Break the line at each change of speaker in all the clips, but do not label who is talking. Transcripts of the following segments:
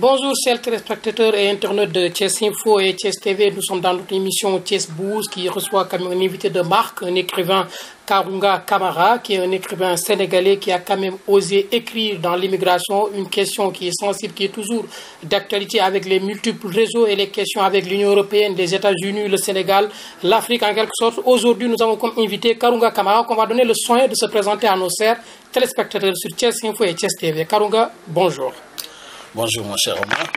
Bonjour chers téléspectateurs et internautes de Chess Info et Chess TV. Nous sommes dans notre émission Chess Boost qui reçoit comme un invité de marque un écrivain Karunga Kamara, qui est un écrivain sénégalais qui a quand même osé écrire dans l'immigration une question qui est sensible, qui est toujours d'actualité avec les multiples réseaux et les questions avec l'Union européenne, les États-Unis, le Sénégal, l'Afrique en quelque sorte. Aujourd'hui, nous avons comme invité Karunga Kamara, qu'on va donner le soin de se présenter à nos serres téléspectateurs sur Chess Info et Chess TV. Karunga, bonjour.
Bonjour mon cher Omar.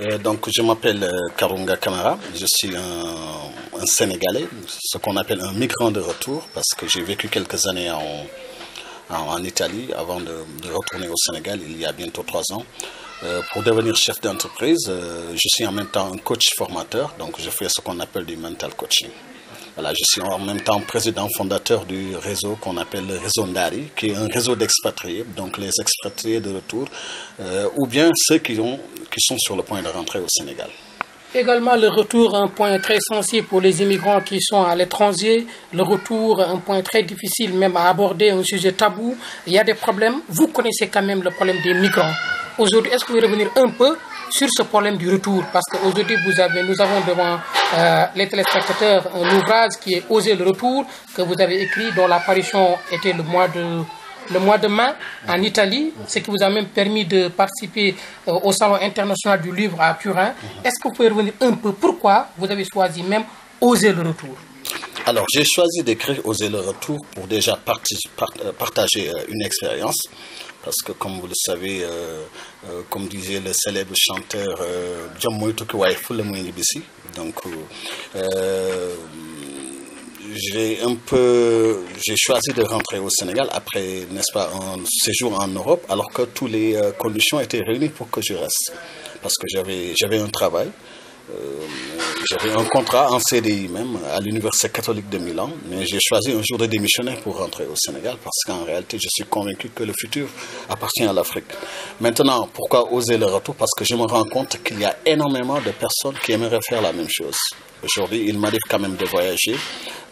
Euh, donc je m'appelle euh, Karunga Kamara, je suis un, Sénégalais, ce qu'on appelle un migrant de retour parce que j'ai vécu quelques années en, Italie avant de, retourner au Sénégal il y a bientôt trois ans. Euh, pour devenir chef d'entreprise, je suis en même temps un coach formateur, donc je fais ce qu'on appelle du mental coaching je suis en même temps président fondateur du réseau qu'on appelle le réseau Ndari, qui est un réseau d'expatriés, donc les expatriés de retour, euh, ou bien ceux qui, ont, qui sont sur le point de rentrer au Sénégal.
Également le retour, un point très sensible pour les immigrants qui sont à l'étranger. Le retour, un point très difficile même à aborder, un sujet tabou. Il y a des problèmes. Vous connaissez quand même le problème des migrants. Aujourd'hui, est-ce que vous pouvez revenir un peu sur ce problème du retour, parce qu'aujourd'hui, nous avons devant euh, les téléspectateurs un ouvrage qui est Oser le retour, que vous avez écrit, dont l'apparition était le mois de mai en Italie, ce qui vous a même permis de participer euh, au Salon international du livre à Turin. Est-ce que vous pouvez revenir un peu pourquoi vous avez choisi même Oser le retour
alors, j'ai choisi d'écrire Oser le retour pour déjà euh, partager une expérience parce que comme vous le savez, euh, euh, comme disait le célèbre chanteur euh, John donc j'ai un peu, j'ai choisi de rentrer au Sénégal après, n'est-ce pas, un séjour en Europe, alors que toutes les conditions étaient réunies pour que je reste, parce que j'avais un travail. Euh, j'avais un contrat en CDI même à l'Université catholique de Milan, mais j'ai choisi un jour de démissionner pour rentrer au Sénégal parce qu'en réalité, je suis convaincu que le futur appartient à l'Afrique. Maintenant, pourquoi oser le retour Parce que je me rends compte qu'il y a énormément de personnes qui aimeraient faire la même chose. Aujourd'hui, il m'arrive quand même de voyager,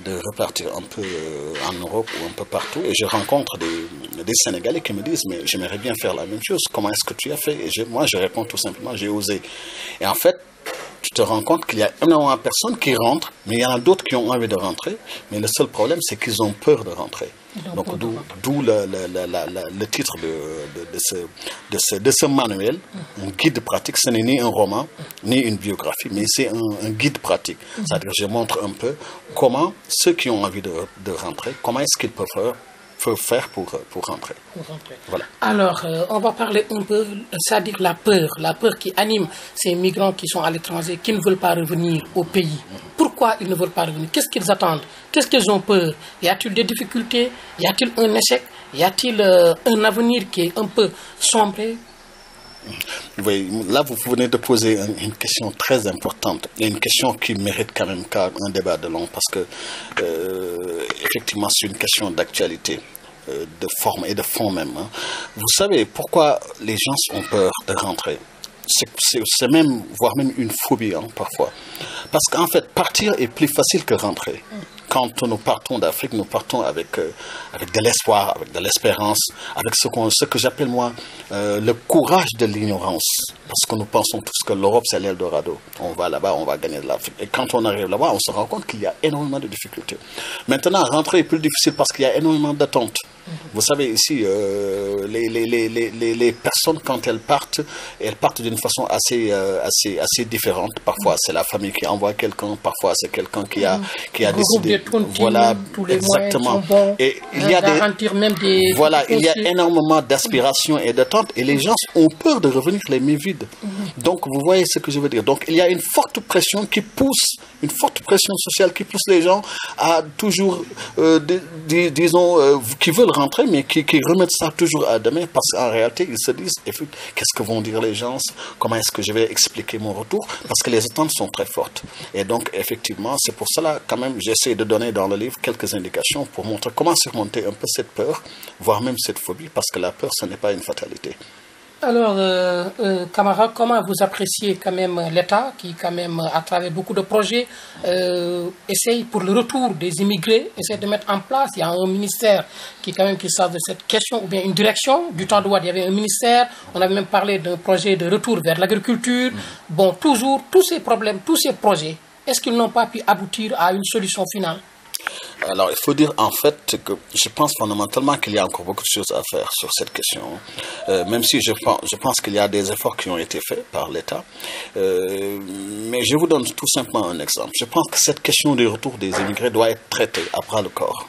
de repartir un peu euh, en Europe ou un peu partout. Et je rencontre des, Sénégalais qui me disent, mais j'aimerais bien faire la même chose. Comment est-ce que tu as fait Et moi, je réponds tout simplement, j'ai osé. Et en fait, tu te rends compte qu'il y a énormément de personnes qui rentrent, mais il y en a d'autres qui ont envie de rentrer. Mais le seul problème, c'est qu'ils ont peur de rentrer. Donc, d'où le, titre de, de, de, ce, de manuel, mm-hmm. un guide pratique. Ce n'est ni un roman, ni une biographie, mais c'est un, guide pratique. Mm-hmm. C'est-à-dire, je montre un peu comment ceux qui ont envie de, de rentrer, comment est-ce qu'ils peuvent faire faire euh, pour, rentrer. Voilà.
Alors, euh, on va parler un peu, c'est-à-dire la peur, la peur qui anime ces migrants qui sont à l'étranger, qui ne veulent pas revenir au pays. Mhm. Pourquoi ils ne veulent pas revenir Qu'est-ce qu'ils attendent Qu'est-ce qu'ils ont peur Y a-t-il des difficultés Y a-t-il un échec Y a-t-il euh, un avenir qui est un peu sombre
oui, là, vous venez de poser une question très importante, une question qui mérite quand même un débat de long, parce que, euh, effectivement, c'est une question d'actualité, euh, de forme et de fond même. Hein. Vous savez pourquoi les gens ont peur de rentrer C'est même, voire même une phobie, hein, parfois. Parce qu'en fait, partir est plus facile que rentrer quand nous partons d'Afrique, nous partons euh, avec, de l'espoir, avec de l'espérance, avec ce, que j'appelle moi euh, le courage de l'ignorance. Parce que nous pensons tous que l'Europe, c'est l'Eldorado. On va là-bas, on va gagner de l'Afrique. Et quand on arrive là-bas, on se rend compte qu'il y a énormément de difficultés. Maintenant, rentrer est plus difficile parce qu'il y a énormément d'attentes. Vous savez, ici, euh, les, les, les, les, personnes, quand elles partent, elles partent d'une façon assez, euh, assez, assez différente. Parfois, c'est la famille qui envoie quelqu'un, parfois, c'est quelqu'un qui a, mhm. qui a décidé. Voilà, exactement. et il y a
euh, des, voilà, il y a
énormément d'aspirations et d'attentes, et les gens ont peur de revenir les mains vides. Mhm. Donc, vous voyez ce que je veux dire. Donc, il y a une forte pression qui pousse, une forte pression sociale qui pousse les gens à toujours, disons, qui veulent rentrer, mais qui, remettent ça toujours à demain parce qu'en réalité, ils se disent qu'est-ce que vont dire les gens Comment est-ce que je vais expliquer mon retour Parce que les attentes sont très fortes. Et donc, effectivement, c'est pour cela, quand même, j'essaie de donner dans le livre quelques indications pour montrer comment surmonter un peu cette peur, voire même cette phobie, parce que la peur, ce n'est pas une fatalité.
Alors, euh, euh comment vous appréciez quand même l'État qui, quand même, à travers beaucoup de projets, euh, essaye pour le retour des immigrés, essaye de mettre en place, il y a un ministère qui, quand même, qui sort de cette question, ou bien une direction. Du temps de droit, il y avait un ministère, on avait même parlé d'un projet de retour vers l'agriculture. Mm. Bon, toujours, tous ces problèmes, tous ces projets, est-ce qu'ils n'ont pas pu aboutir à une solution finale
alors, il faut dire en fait que je pense fondamentalement qu'il y a encore beaucoup de choses à faire sur cette question. Euh, même si je pense, je pense qu'il y a des efforts qui ont été faits par l'État. Euh, mais je vous donne tout simplement un exemple. Je pense que cette question du retour des immigrés doit être traitée à bras le corps.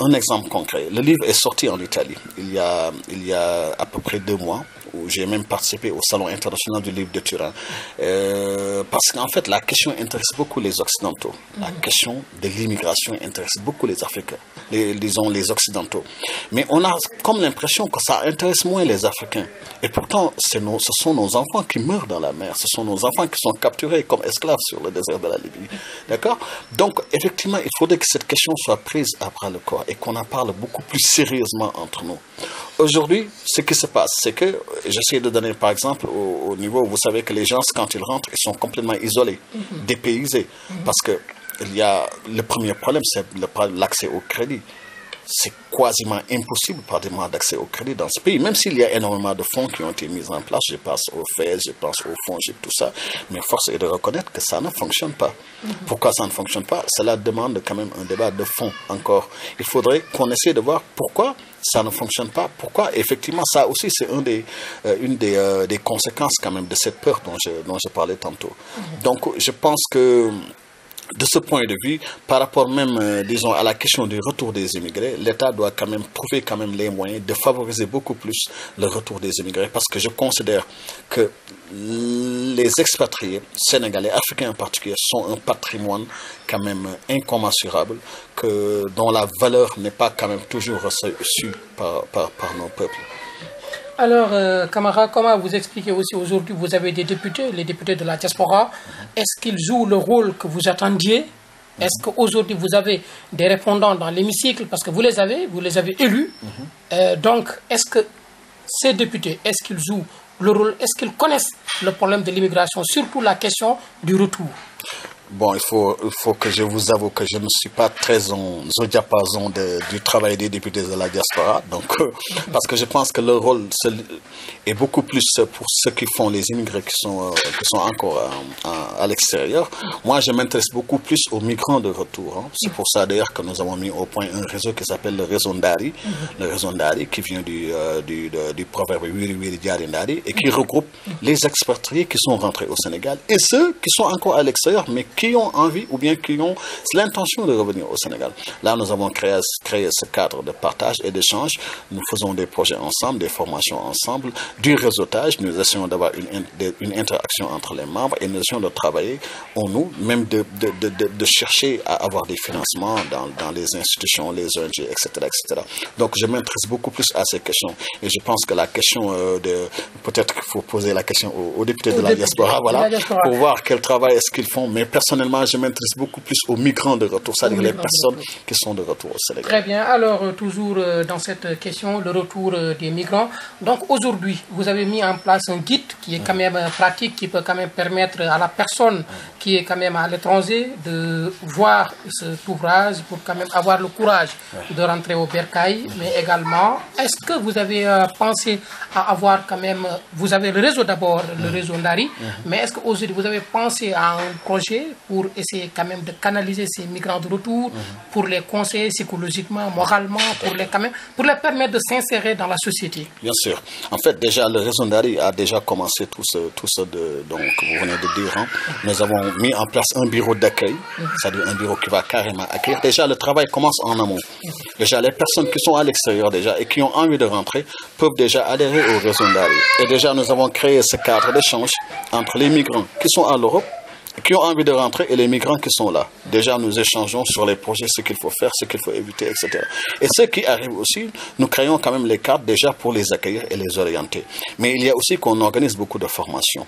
Un exemple concret. Le livre est sorti en Italie il y a, il y a à peu près deux mois où j'ai même participé au Salon international du livre de Turin. Euh, parce qu'en fait, la question intéresse beaucoup les Occidentaux. La mhm. question de l'immigration intéresse beaucoup les Africains, les, disons les Occidentaux. Mais on a comme l'impression que ça intéresse moins les Africains. Et pourtant, ce sont nos enfants qui meurent dans la mer. Ce sont nos enfants qui sont capturés comme esclaves sur le désert de la Libye. D'accord Donc, effectivement, il faudrait que cette question soit prise à bras le corps et qu'on en parle beaucoup plus sérieusement entre nous. Aujourd'hui, ce qui se passe, c'est que j'essaie de donner par exemple au, niveau où vous savez que les gens, quand ils rentrent, ils sont complètement isolés, mhm. dépaysés. Mhm. Parce que il y a, le premier problème, c'est l'accès au crédit c'est quasiment impossible pratiquement d'accès au crédit dans ce pays, même s'il y a énormément de fonds qui ont été mis en place. Je pense au FES, je pense au fonds, j'ai tout ça. Mais force est de reconnaître que ça ne fonctionne pas. Mhm. Pourquoi ça ne fonctionne pas Cela demande quand même un débat de fond encore. Il faudrait qu'on essaie de voir pourquoi ça ne fonctionne pas. Pourquoi Effectivement, ça aussi, c'est un des, euh, une des, euh, des, conséquences quand même de cette peur dont je, dont je parlais tantôt. Mhm. Donc, je pense que de ce point de vue, par rapport même, euh, à la question du retour des immigrés, l'État doit quand même trouver même les moyens de favoriser beaucoup plus le retour des immigrés, parce que je considère que les expatriés sénégalais, africains en particulier, sont un patrimoine quand même euh, incommensurable, dont la valeur n'est pas quand même toujours reçue par nos peuples.
Alors, euh, Camara, comment vous expliquez aussi aujourd'hui, vous avez des députés, les députés de la diaspora, est-ce qu'ils jouent le rôle que vous attendiez Est-ce qu'aujourd'hui vous avez des répondants dans l'hémicycle Parce que vous les avez, vous les avez élus. Mm-hmm. Euh, donc, est-ce que ces députés, est-ce qu'ils jouent le rôle, est-ce qu'ils connaissent le problème de l'immigration, surtout la question du retour
Bon, il faut, il faut que je vous avoue que je ne suis pas très en, au diapason de, du travail des députés de la diaspora. Donc, euh, parce que je pense que le rôle est beaucoup plus pour ceux qui font les immigrés qui sont, euh, qui sont encore euh, à, l'extérieur. Moi, je m'intéresse beaucoup plus aux migrants de retour. Hein. C'est pour ça d'ailleurs que nous avons mis au point un réseau qui s'appelle le réseau Ndari. Mm-hmm. Le réseau Ndari qui vient du, du, du proverbe et qui regroupe mm-hmm. les expatriés qui sont rentrés au Sénégal et ceux qui sont encore à l'extérieur mais qui qui ont envie ou bien qui ont l'intention de revenir au Sénégal. Là, nous avons créé, créé ce cadre de partage et d'échange. Nous faisons des projets ensemble, des formations ensemble, du réseautage. Nous essayons d'avoir une, une, interaction entre les membres et nous essayons de travailler en nous, même de, de, de, chercher à avoir des financements dans, dans, les institutions, les ONG, etc., etc. Donc, je m'intéresse beaucoup plus à ces questions. Et je pense que la question euh, de... Peut-être qu'il faut poser la question aux, députés de la, diaspora, voilà, pour voir quel travail est-ce qu'ils font. Mais personne personnellement, je m'intéresse beaucoup plus aux migrants de retour, c'est-à-dire les personnes qui sont de retour au Sénégal. Très
bien. Alors, euh, toujours euh, dans cette question, le retour euh, des migrants. Donc, aujourd'hui, vous avez mis en place un guide qui est quand même pratique, qui peut quand même permettre à la personne qui est quand même à l'étranger de voir cet ouvrage pour quand même avoir le courage de rentrer au Bercail. Mais également, est-ce que vous avez pensé à avoir quand même, vous avez le réseau d'abord, le réseau Nari, mhm. mais est-ce que aujourd'hui, vous avez pensé à un projet pour essayer quand même de canaliser ces migrants de retour, mhm. pour les conseiller psychologiquement, moralement, pour les, quand même, pour les permettre de s'insérer dans la société.
Bien sûr. En fait, déjà, le Ndari a déjà commencé tout ce, tout ce de, donc, vous venez de dire. Hein. Nous avons mis en place un bureau d'accueil, mhm. c'est-à-dire un bureau qui va carrément accueillir. Déjà, le travail commence en amont. Mhm. Déjà, les personnes qui sont à l'extérieur déjà et qui ont envie de rentrer peuvent déjà adhérer au Ndari. Et déjà, nous avons créé ce cadre d'échange entre les migrants qui sont à l'Europe qui ont envie de rentrer et les migrants qui sont là. Déjà, nous échangeons sur les projets, ce qu'il faut faire, ce qu'il faut éviter, etc. Et ceux qui arrivent aussi, nous créons quand même les cartes déjà pour les accueillir et les orienter. Mais il y a aussi qu'on organise beaucoup de formations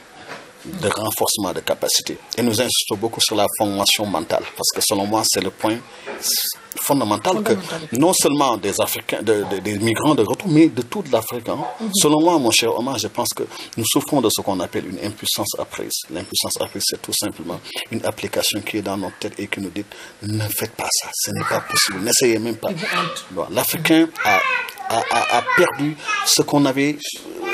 de renforcement de capacité. Et nous insistons beaucoup sur la formation mentale, parce que selon moi, c'est le point fondamental, que non seulement des Africains, des migrants de retour, mais de toute l'Afrique. Hein. Mhm. Selon moi, mon cher Omar, je pense que nous souffrons de ce qu'on appelle une impuissance apprise. L'impuissance apprise, c'est tout simplement une application qui est dans notre tête et qui nous dit ne faites pas ça, ce n'est pas possible, n'essayez même pas. L'Africain a, a, a perdu ce qu'on avait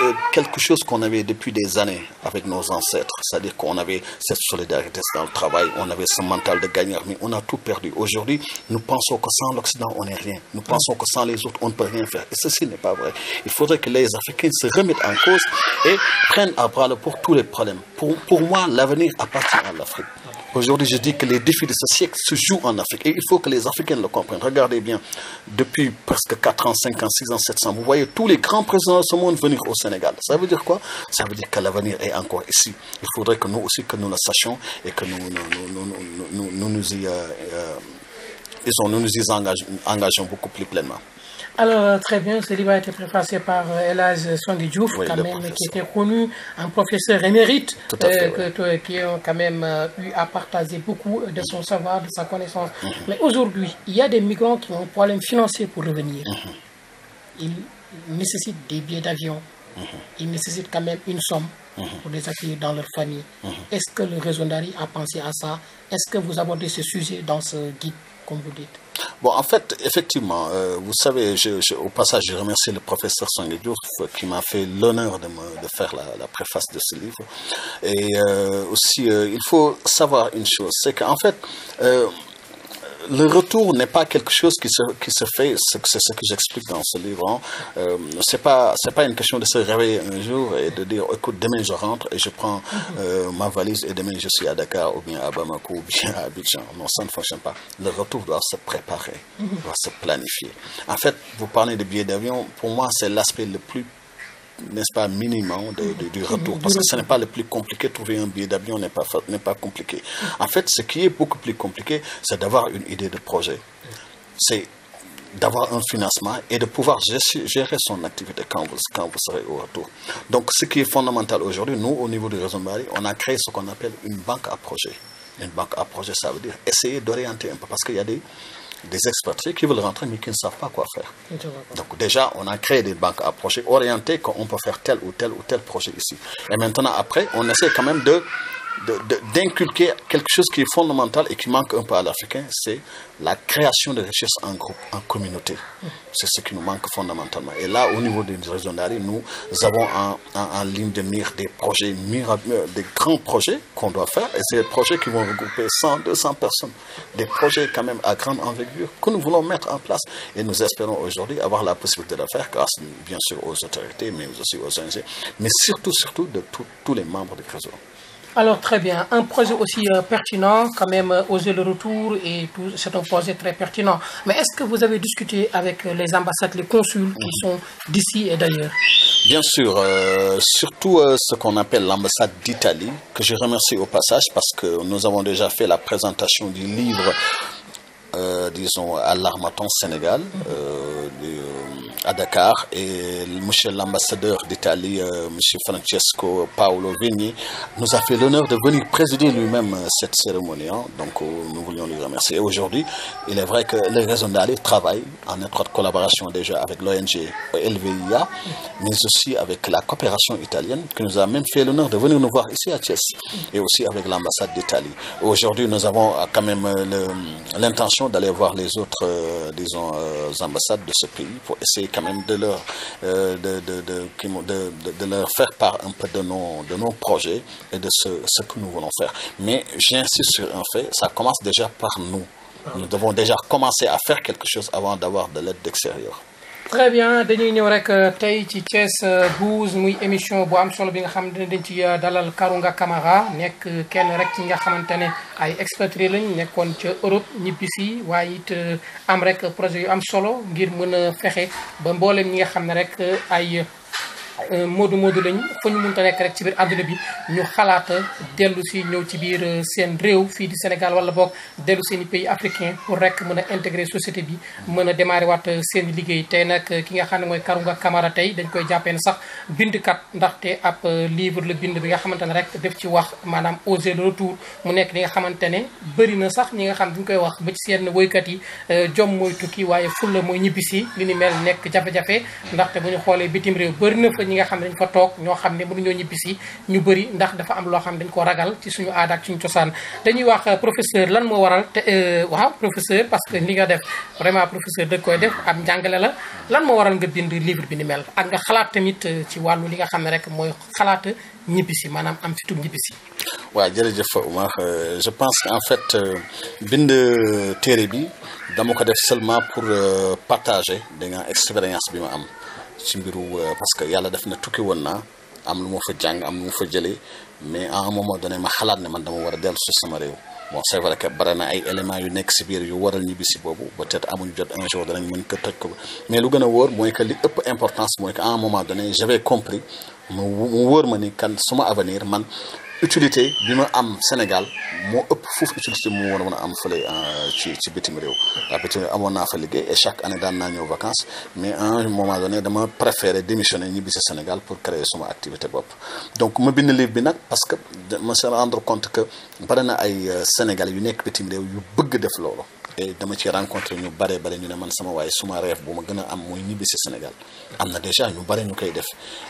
euh, quelque chose qu'on avait depuis des années avec nos ancêtres. C'est-à-dire qu'on avait cette solidarité dans le travail, on avait ce mental de gagner, mais on a tout perdu. Aujourd'hui, nous pensons que sans l'Occident, on n'est rien. Nous pensons que sans les autres, on ne peut rien faire. Et ceci n'est pas vrai. Il faudrait que les Africains se remettent en cause et prennent à bras le pour tous les problèmes. Pour, pour moi, l'avenir appartient à l'Afrique. Aujourd'hui, je dis que les défis de ce siècle se jouent en Afrique. Et il faut que les Africains le comprennent. Regardez bien, depuis presque 4 ans, 5 ans, 6 ans, 7 ans, vous voyez tous les grands présidents de ce monde venir au Sénégal. Ça veut dire quoi Ça veut dire que l'avenir est encore ici. Il faudrait que nous aussi, que nous le sachions et que nous nous, nous, y, euh, euh nous, y engageons beaucoup plus pleinement.
Alors, euh, très bien, ce livre a été préfacé par euh, Elaz Sondi qui était connu, un professeur émérite, euh, qui a quand même eu à partager beaucoup de son savoir, de sa connaissance. Mm-hmm. Mais aujourd'hui, il y a des migrants qui ont un problème financier pour revenir. Mm-hmm. Ils nécessitent des billets d'avion, mm-hmm. ils nécessitent quand même une somme pour les accueillir dans leur famille. Est-ce que le réseau a pensé à ça Est-ce que vous abordez ce sujet dans ce guide, comme vous dites
Bon, en fait, effectivement, euh, vous savez, je, je, au passage, je remercie le professeur Sanguediouf euh, qui m'a fait l'honneur de, de, faire la, la, préface de ce livre. Et euh, aussi, euh, il faut savoir une chose, c'est qu'en fait, euh, le retour n'est pas quelque chose qui se, qui se fait, c'est ce que j'explique dans ce livre. Hein. Euh, c'est pas c'est pas une question de se réveiller un jour et de dire écoute demain je rentre et je prends mm-hmm. euh, ma valise et demain je suis à Dakar ou bien à Bamako ou bien à Abidjan. Non, ça ne fonctionne pas. Le retour doit se préparer, mm-hmm. doit se planifier. En fait, vous parlez de billets d'avion. Pour moi, c'est l'aspect le plus n'est-ce pas, minimum de, du retour. Parce que ce n'est pas le plus compliqué, trouver un billet d'avion n'est pas, pas compliqué. En fait, ce qui est beaucoup plus compliqué, c'est d'avoir une idée de projet. C'est d'avoir un financement et de pouvoir gérer son activité quand vous, quand vous serez au retour. Donc, ce qui est fondamental aujourd'hui, nous, au niveau du réseau Paris, on a créé ce qu'on appelle une banque à projet. Une banque à projet, ça veut dire essayer d'orienter un peu, parce qu'il y a des des expatriés qui veulent rentrer mais qui ne savent pas quoi faire. Donc déjà, on a créé des banques à projets orientées qu'on peut faire tel ou tel ou tel projet ici. Et maintenant, après, on essaie quand même de d'inculquer quelque chose qui est fondamental et qui manque un peu à l'Africain, c'est la création de richesses en groupe, en communauté. C'est ce qui nous manque fondamentalement. Et là, au niveau des régions nous avons en, ligne de mire des projets, euh, des grands projets qu'on doit faire. Et c'est des projets qui vont regrouper 100, 200 personnes. Des projets quand même à grande envergure que nous voulons mettre en place. Et nous espérons aujourd'hui avoir la possibilité de le faire grâce, bien sûr, aux autorités, mais aussi aux ONG, mais surtout, surtout de tous les membres du réseau.
Alors très bien, un projet aussi euh, pertinent, quand même, euh, oser le retour et tout, c'est un projet très pertinent. Mais est-ce que vous avez discuté avec euh, les ambassades, les consuls qui mhm. sont d'ici et d'ailleurs
Bien sûr, surtout ce qu'on appelle l'ambassade d'Italie, que je remercie au passage parce que nous avons déjà fait la présentation du livre, disons, à l'Armaton Sénégal à Dakar et monsieur l'ambassadeur d'Italie, euh, monsieur Francesco Paolo Vigni, nous a fait l'honneur de venir présider lui-même euh, cette cérémonie. Hein. Donc euh, nous voulions lui remercier. Aujourd'hui, il est vrai que les raisons d'aller travaillent en étroite collaboration déjà avec l'ONG LVIA, mais aussi avec la coopération italienne qui nous a même fait l'honneur de venir nous voir ici à Thiès et aussi avec l'ambassade d'Italie. Aujourd'hui, nous avons quand même l'intention d'aller voir les autres, disons, ambassades de ce pays pour essayer quand même de leur, euh, de, de, de, leur faire part un peu de nos, de nos projets et de ce, ce que nous voulons faire. Mais j'insiste sur un fait, ça commence déjà par nous. Nous devons déjà commencer à faire quelque chose avant d'avoir de l'aide d'extérieur.
très bien dañuy ñëw rek euh, tey ci Thiès euh, Buzz muy émission bu am solo bi nga xam ne dañ ci euh, dalal nga kamara nekk kenn rek ci nga xamante ne ay expatrié lañ nekkoon ca Europe ñibbisi waaye it am rek projet yu am solo ngir mën a fexe ba mbooleem ñi nga xam ne rek ay. Euh, moodu moodu lañ fa ñu mënta nekk rek ci biir àdduna bi ñu xalaat dellu si ñëw ci biir euh, seen réew fii di Sénégal wala boog dellu seen i pays africain pour rek mën a intégrer société bi mën a démarrer waat euh, seen liggéey tey nag ki nga xam ne mooy Karounga kamara tey dañ koy jàppee ne sax bindkat ndaxte ab livre la bind bi nga xamante ne rek def ci wax maanaam oser le retour mu nekk li nga xamante ne bëri na sax ñi nga xam dañ koy wax ba ci seen woykat yi jom mooy tukki waaye fulla mooy ñibbisi li ni mel nekk jafe-jafe ndaxte bu xoolee bitim réew bëri na ko ñi nga xam ne dañ fa toog ñoo xam ne mënuñoo ñibbisi ñu bëri ndax dafa am loo xam dañ ko ragal ci suñu aada ak suñu cosaan dañuy wax euh, professeur lan moo waral te euh, waaw professeur parce que li nga def vraiment professeur dañ koy def am njàngale la lan moo waral nga bind livre bi ni mel ak nga xalaat tamit euh, ci wàllu li nga xam ne rek mooy xalaat ñibbisi maanaam am fitum ñibbisi
waaw jërëjëf Oumar je pense que en fait bind téere bi dama ko def seulement pour partager dengan expérience bi ma am ci mbiru euh, parce que yàlla def na tukki woon naa am lu ma fa jàng am lu ma fa jëlee mais à un moment donné ma xalaat ne man dama war a dellu si sama réew bon c'est vrai que bare na ay éléments yu nekk si biir yu waral ñibbi si boobu peut-être amuñu jot un jour danañ mën ko toj ko mais lu gën a wóor mooy que li ëpp importance mooy que à un moment donné j'avais compris mu wóor ma ni kan suma avenir man utilité bi ma am Sénégal moo ëpp foofu utilité war mu mën a am fële euh, ci ci bitim réew ndax bitim amoon naa fa liggéey et chaque année daan naa ñëw vacances mais à un moment donné dama préféré démissionner ñibbi si Sénégal pour créer suma activité bopp donc ma bind livre bi nag parce que ma se rendre compte que bari na ay euh, Sénégalais yu nekk bitim réew yu bëgg def loolu te dama ci rencontré ñu bare bare ñu ne man sama waaye suma rêve bu ma gën a am mooy ñibbi si Sénégal am na déjà ñu bare ñu koy def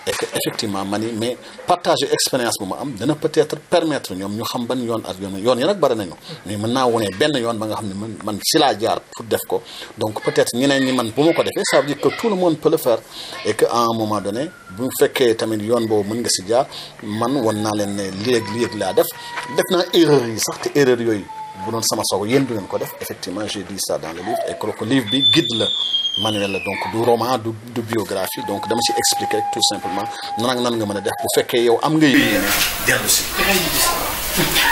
et que effectivement ma ni mais partager expérience bu ma am dana peut-être permettre ñoom ñu xam ban yoon ak yoon yoon yi nag bare nañu mais mën naa wone benn yoon ba nga xam ne man man si laa jaar pour def ko donc peut-être ñeneen ñi man bu ma ko defee ça veut dire que tout le monde peut le faire et que à un moment donné bu fekkee tamit yoon boobu mën nga si jaar man won naa leen ne léeg-léeg laa def def naa erreur yi sax te erreur yooyu bu doon sama soog yéen du ngeen ko def effectivement j'ai dit ça dans le livre et que livre bi guide la manuel donc du roman du du biographie donc dama ci expliquer tout simplement nan ak nan nga meuna def bu fekke yow am nga yéene
dellu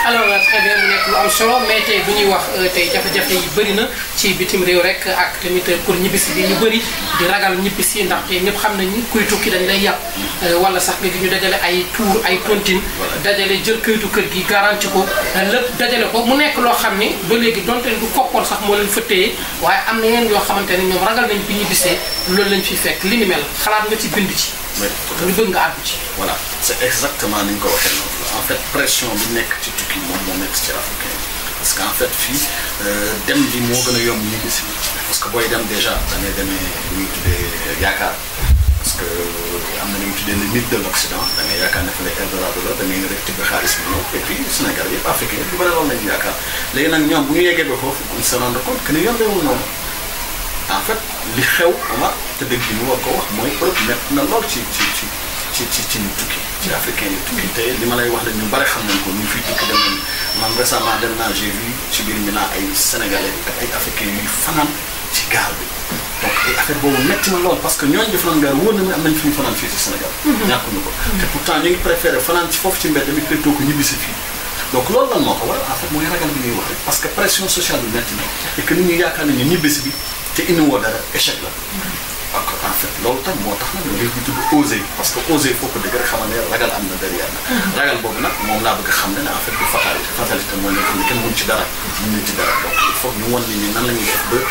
alors euh, très bien nekk lu am solo mais tey bu ñuy wax euh, tey jafe-jafe yi bëri na ci bitim réew rek ak tamit euh, pour ñibbisi bi ñu bëri di ragal ñibbisi ndax tey ñëpp xam nañu koy tukki dañ lay yàpp wala sax nga ñu dajale ay tour ay tontine dajale jël këyitu kër gi garanti ko lépp dajale ko mu nekk loo xam ne ba léegi donte du kokkoon sax moo leen fa waaye am na yenn yoo xamante ne ñoom ragal nañ bi ñibbisee loolu lañ fiy fekk li ni mel xalaat nga ci bind ci ñu nga àddu ci voilà
exactement ni ñu en fait pression bi nekk ci tukki moom moo ci africain parce qu'en fait fii euh, dem bi moo gën a yomb ñu parce que dem déjà da ngay demee de parce que euh, am na tuddee le de l'Occident da la da et puis Sénégal yëpp africain yëpp bëri loolu yaakaar léegi nag bu ñu se compte que ne en fait li xew ma te dëgg ci africain yi tukki te li ma lay wax la ñu bare xam nañ ko ñu fii tukki dem nañ man récemment dem naa j'ai vu ci biir mi naa ay sénégalais ak ay africain yuy fanaan ci gaal bi donc ay affaire boobu metti ma lool parce que ñooñu di fanaan gaal wóor na ne am nañ fi ñu fanaan fii ci Sénégal ñàkkuñu ko te pourtant ñu ngi préféré fanaan ci foofu ci mbedd mi plutôt que ñibbi si fii donc loolu lan moo ko waral en fait mooy ragal bi ñuy wax parce que pression sociale bi metti na et que nit ñi yaakaar nañu ñibbisi bi te indiwoo dara échec la en fait loolu tam moo tax nag ñu ngi tudd osé parce que osé foo ko dëgg rek xamal ne ragal am na derrière na ragal boobu nag moom laa bëgg a xam ne en fait du fatalité fatalité moo nekk ni kenn mun ci dara mun ci dara donc il faut ñu wan nit ñi nan la ñuy def ba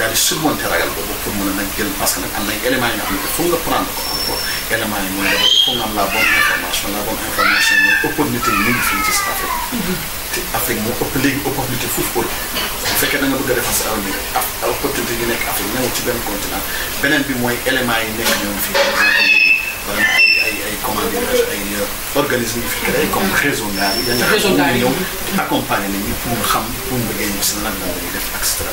daal di surmonter ragal boobu pour mën a nag jël parce que nag am na éléments yi nga xam ne foog nga prendre ko encore éléments yi mooy dafa foog nga am la bonne information la bonne information mooy opportunité yi ñu ngi fii ci Afrique. te Afrique moo ëpp léegi opportunité foofu Europe. bu fekkee da nga bëgg a defar sa avenir af opportunité yi nekk Afrique ñëw ci benn continent beneen bi mooy éléments yi nekk ñoom fii vraiment ay ay ay comment dirais-je ay euh, organisme yu fi créé comme réseau ndaar yi. réseau ndaar yi ñëw di accompagner nit ñi pour xam pour mu bëggee ñëw si lan la ñuy def ak cetera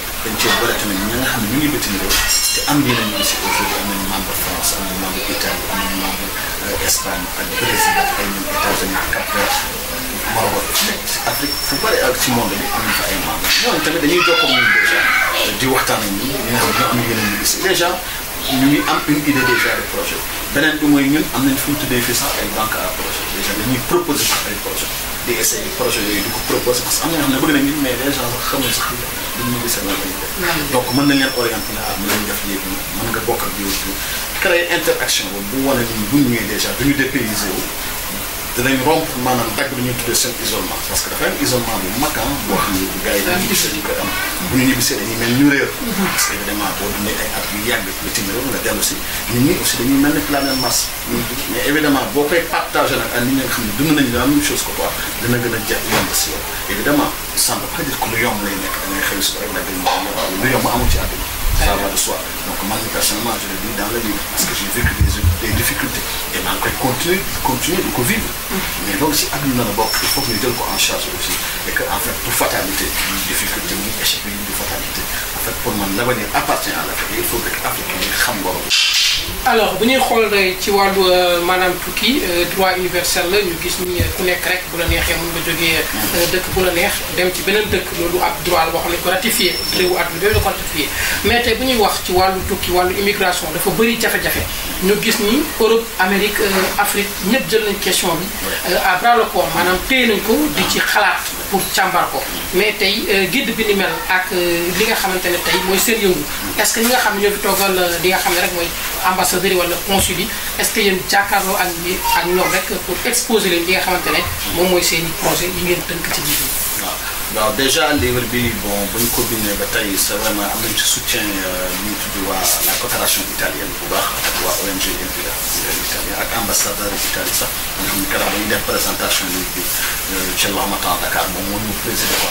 بنجيب ورقة من نحن من اللي بتنرو تأمين الناس أوجد أمين مامبر فرنسا أمين مامبر إيطاليا أمين مامبر إسبانيا البرازيل أمين إيطاليا كابفيرد مروة أفريقيا في باري أكتي موند اللي أمين في أي مامبر نو أنت بدأ يجوا كمون ديجا دي وقت أنا مني نحن أمين الناس ديجا ñu ngi am une idée déjà de projet beneen bi mooy ñun am nañ fu mu tuddee fii sax ay banque à projet déjà dañuy proposer sax ay projet di essayer projet yooyu di ko proposer parce que am na ñoo xam ne bëgg nañ mais les gens sax xamuñ sax bu ñu gisee donc mën nañ leen orienté na ah mën nañ def léegi mën nga bokk ak yow créer interaction boobu bu wane ni bu ñu ñëwee déjà du ñu dépayser wu dinañ romb maanaam dagg lu ñuy tuddee seen isolement parce que dafa am isolement bu mag ah boo xam ne gars yi dañuy am bu ñu ñibbisee dañuy mel ñu réer parce que évidemment boo dundee ay at yu yàgg bitim réew nga ak nit nga xam ne dund nañu la même chose que toi dina gën a jàpp yomb si yow évidemment ça ne veut pas dire que lu yomb lay nekk da ngay xëy si rek nag dañ lu yomb amul ci ça va de soi. Donc moi, personnellement, je le dis dans le livre, parce que j'ai vécu des, des, difficultés. Et malgré continuer, continuer de vivre. Mm. Mais là aussi, à nous, d'abord, il faut que nous donnions en charge aussi. Et que, en fait, pour fatalité, une difficulté, une échec, une fatalité, en fait, pour moi, l'avenir appartient à l'Afrique. Il faut que l'Afrique ait
alors bu ñuy xool ci wàllu euh, maanaam tukki euh, droit universel Nous ñu gis ni nous euh, nekk rek bu la neexee mun nga jógee mm. dëkk bu la neex dem ci beneen nous avons ab droit la boo xam ne ko ratifié réewu mais tey bu ñuy wax ci walu tukki walu immigration dafa bëri jafe-jafe ñu gis ni Europe Amérique euh, Afrique ñëpp jël nañ question bi euh, à bras le corps maanaam téye nañ ko di ci xalaat pour càmbar ko mais tey euh, guide bi ni mel ak li nga xamante ne tey mooy seen yëngu est-ce que ñi nga xam ne ñoo fi toogal li nga xam ne rek mooy ambassadeur yi wala consul yi est-ce que yéen jàkkaarloo ak ñi ak ñoom rek pour exposer leen li nga xamante ne moom mooy seen i projet yi ngeen tënk ci jiitu
alors déjà les bon bu ñu ko bindee c'est vraiment un petit ci soutien ñu euh, de la coopération italienne pour baax ONG Impida italien ak ambassadeur italien, ça, euh, on a ne keroog dañuy def présentation livre bi ci Lamatan Dakar moom moom mu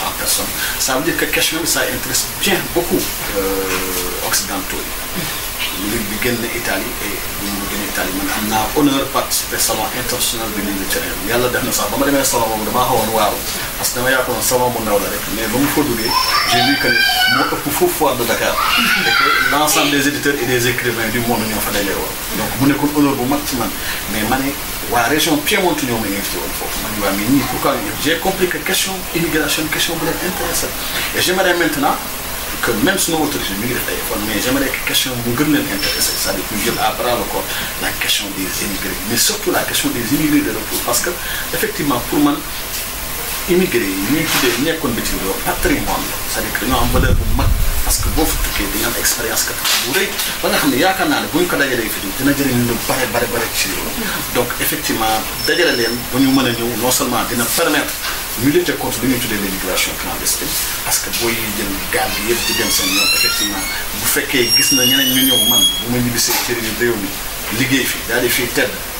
en personne ça veut dire que question bi ça intéresse bien beaucoup euh, occidentaux
yi
livre l'Italie génn Italie et tali man am naa honneur participer salon international bi nii cere yàlla def na sax ba ma demee salon moom damaa xawoon waaw parce que dama yaakaaroon salon bu ndaw la rek mais ba mu fa duggee j'ai vu que ne moo ëpp foofu foire de Dakar et que l'ensemble des éditeurs et des écrivains du monde ñoo fa dajee woon donc mu nekkoon honneur bu mag ci man mais ma ne waa région Piemonte ñoo ma invité woon foofu ma ne waa mais ñii pourquoi j'ai compris que question immigration question bu leen intéressé et j'aimerais maintenant que même si nous autorisons immigrés mais j'aimerais que la question de c'est-à-dire la question des immigrés, mais surtout la question des immigrés de retour, parce que effectivement pour moi, immigrés, n'est pas parce que boo fa tukkee di expérience kat bu ba nga xam ne yaakaar naa ne bu ñu ko dajalee fi nii dina jëriñ lu bare bare bare ci donc effectivement dajale leen ba ñu mën a ñëw non seulement dina permettre ñu lutter contre lu ñuy tuddee l'immigration clandestine parce que booy jël gaal gi yëpp di dem seen yoon effectivement bu fekkee gis na ñeneen ñu ñëw man bu ma ñibbisee ci réew mi liggéey fii daal di fii tedd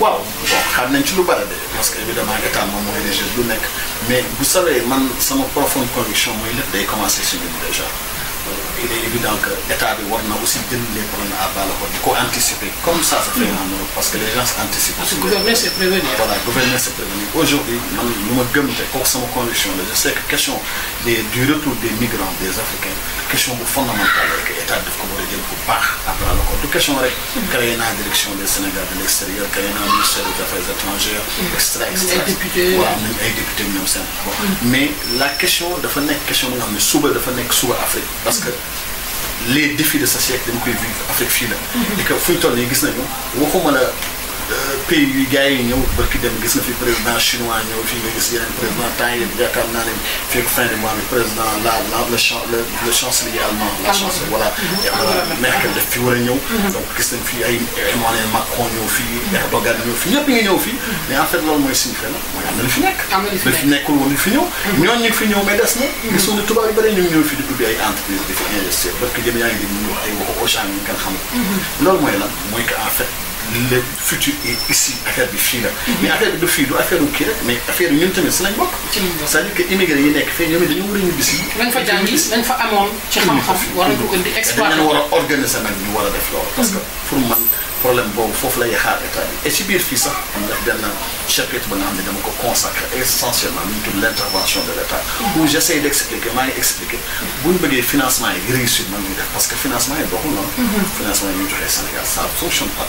waaw bon xam nañ ci lu bari de parce que évidemment état moom mooy léger du nekk mais vous savez man sama profonde conviction mooy lépp day commencer si ñun déjà il est évident que l'État de a aussi donne les problèmes à le faut anticiper. Comme ça, ça fait parce que les gens s'anticipent Parce que
gouvernement Voilà, gouvernement
prévenu. Aujourd'hui, nous me je sais que question du retour des migrants, des Africains, question fondamentale que l'État de pour pas à bas le question avec créer une direction des Sénégal de l'extérieur, créer un ministère des Affaires étrangères, Mais la question de la question de la de la Afrique, parce que les défis de ce siècle que nous pouvons vivre avec Chine. Et que Fulton et Gisnayon, vous comment pays you gars yi président chinois président temps de président le chancelier donc Macron mhm. fait fait le futur est ici affaire bi fii la mais affaire bi du fii du affaire u kii rek mais affaire yi ñun tamit si lañ bokk c'est-à-dire que immigré yi nekk fee ñoom dañu war a ñibbi si
lañ fa jàngi lañ fa amoon
ci xam-xam war a ko indi exploiter war a organiser nag ñu war a def loolu parce que pour man problème boobu foofu lay xaar état bi et ci biir fii sax am na benn chapitre ba nga xam ne dama ko consacré essentiellement ñu tudd l' intervention de l' état où j' essaye d' expliquer maa ngi expliquer bu ñu bëggee financement yi réussir man ñu def parce que financement yi doxul noonu financement yi ñu joxee Sénégal ça fonctionne pas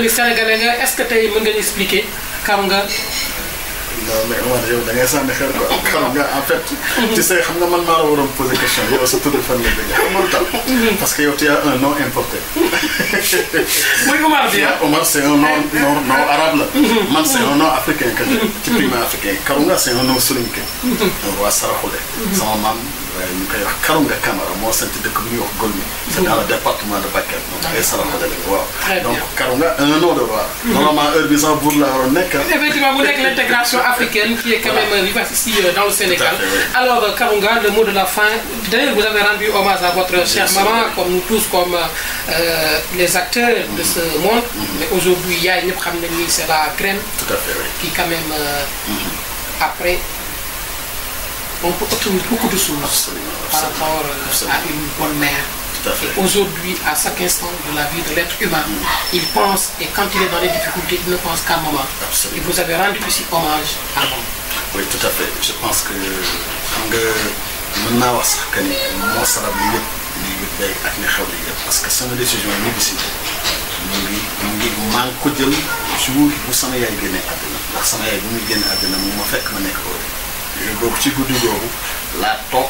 ni sénégalais nga est-ce que tey mën nga ñu expliquer xam nga
non mais man yow da ngay sànni xel quoi xam nga en fait. ci say xam nga man maa la waroon poser question yow sa tur bi fan la jógee xam nga lu tax. Mhm. parce que yow tu as un nom importé. muy Omar bi ah Omar c' est un nom nom nom arabe la. Mhm. man c' est un nom africain kat. ci primat africain Karunga c' est un nom soninké. Mhm. donc waa Saraxule. sama maam ñu koy wax Karunga Camara moo sant dëkk bu ñuy wax Golmi. c' est dans le département de Bakel donc ay Saraxule la waaw. donc Karunga un nom de roi. normalement heure bi sax buur laa waroon nekk.
effectivement mu nekk l' intégration. qui est quand même vivant ici euh, dans le Sénégal. Alors, euh, Karunga, le mot de la fin. D'ailleurs, vous avez rendu hommage à votre chère maman, comme nous tous, comme euh, les acteurs de ce monde. Mm-hmm. Mais aujourd'hui, il y a une c'est la crème qui, quand même, mm-hmm. après, on peut obtenir beaucoup de choses par rapport à une bonne mère. Aujourd'hui, à chaque instant de la vie de l'être humain, il pense et quand il est dans les difficultés, il ne pense qu'à maman. Et vous avez rendu ici hommage à maman.
Oui, tout à fait. Je pense que mën naa wax sax que ni moo sabab li yëpp li yëpp day ak parce que ça me mi bisi mu ngi mu ngi maa ngi ko jël jour bu sama yaay génnee àddina ndax sama yaay bu muy génne àddina mu ma fekk ma nekk heure boobu ci guddi googu laa toog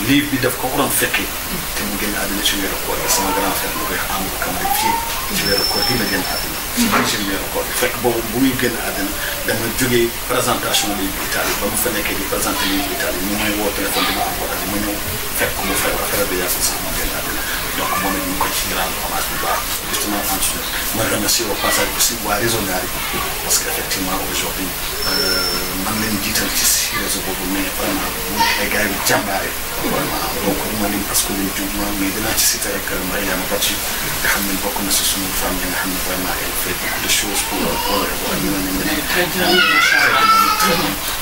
ليف بدا في قران فقهي تم قال هذا ليش مي ركور بس ما قران فقهي مبيح عمر كم بيتي مي ركور ديما قال هذا ليش مي ركور فك بو بوي قال هذا لما تجي برزنتاشن ليف ايطالي بما فنك يجي برزنت ليف ايطالي مو ما يوتر تنتبه عبارة دي مو فك مو فك فك بيا سوسا ما قال هذا دوك une grande romance du justement en dessous. Moi, je remercie au passage aussi Guarizo Ngari, parce qu'effectivement, aujourd'hui, euh, man une dite ci si réseau mais vraiment bu ay gars yu jàmbaare. vraiment donc ma parce que lim tuut ma mais de ci cité rek Mariama Badji nga xam ne bokk na si suñu femme yi nga vraiment elle fait beaucoup de choses pour euh, pour waa ñu ne ñu très bien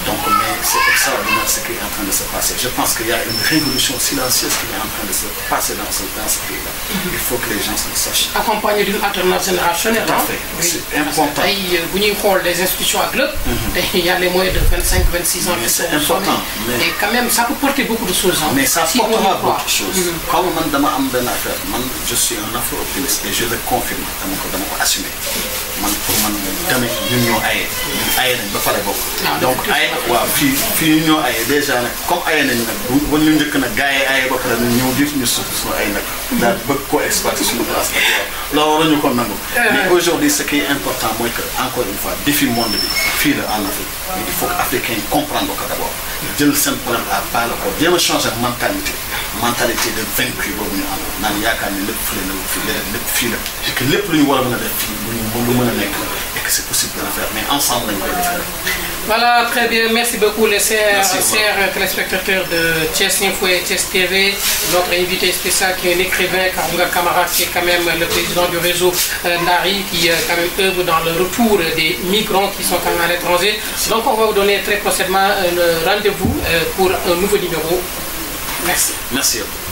donc mais c'est est extraordinaire ce qui est en train de se passer je pense qu'il y' a une révolution silencieuse qui est en train de se passer dans ce dans ce pays là. Mm-hmm. Il faut que les gens le sachent.
Accompagné d'une alternance générationnelle. Tout à hein. fait. C'est euh, les institutions à mhm. il y a les moyens de 25, 26 ans. C'est important. Mais... Et quand même, ça peut porter beaucoup de choses. Hein. Mais ça si portera beaucoup
de choses. Comme je suis un afro-optimiste et je le confirme, je assumer man pour man tamit ñun ñoo aye ñun aye nañ ba faré bokk ah, donc aye waaw fii fii ñun ñoo ayé dèjà nag comme aye nañ nag bu ba ñu njëkk nag gars yi aye ba pare ñëw dif ñu suuf suñu ay nag daal bëgg ko exploiter suñu place nag waaw loolu la ñu ko nangu ah, mais aujourd'hui ce qui est important mooy que encore une fois défi monde bi fii la en Afrique il faut que africain yi comprendre ko d'abord jël seen problème à bas la ko jéem a changer mentalité mentalité de vaincu boobu ñu am ne lépp et que c'est possible de le faire mais ensemble lañ koy faire
Voilà, très bien. Merci beaucoup les chers, téléspectateurs de Thiès Info et Thiès TV. Notre invité spécial qui est écrivain Karunga Kamara, qui est quand même le président du réseau euh, Nari, qui euh, quand même œuvre dans le retour des migrants qui sont quand même à l'étranger. Donc on va vous donner très prochainement un euh, rendez-vous pour un nouveau numéro Merci. Merci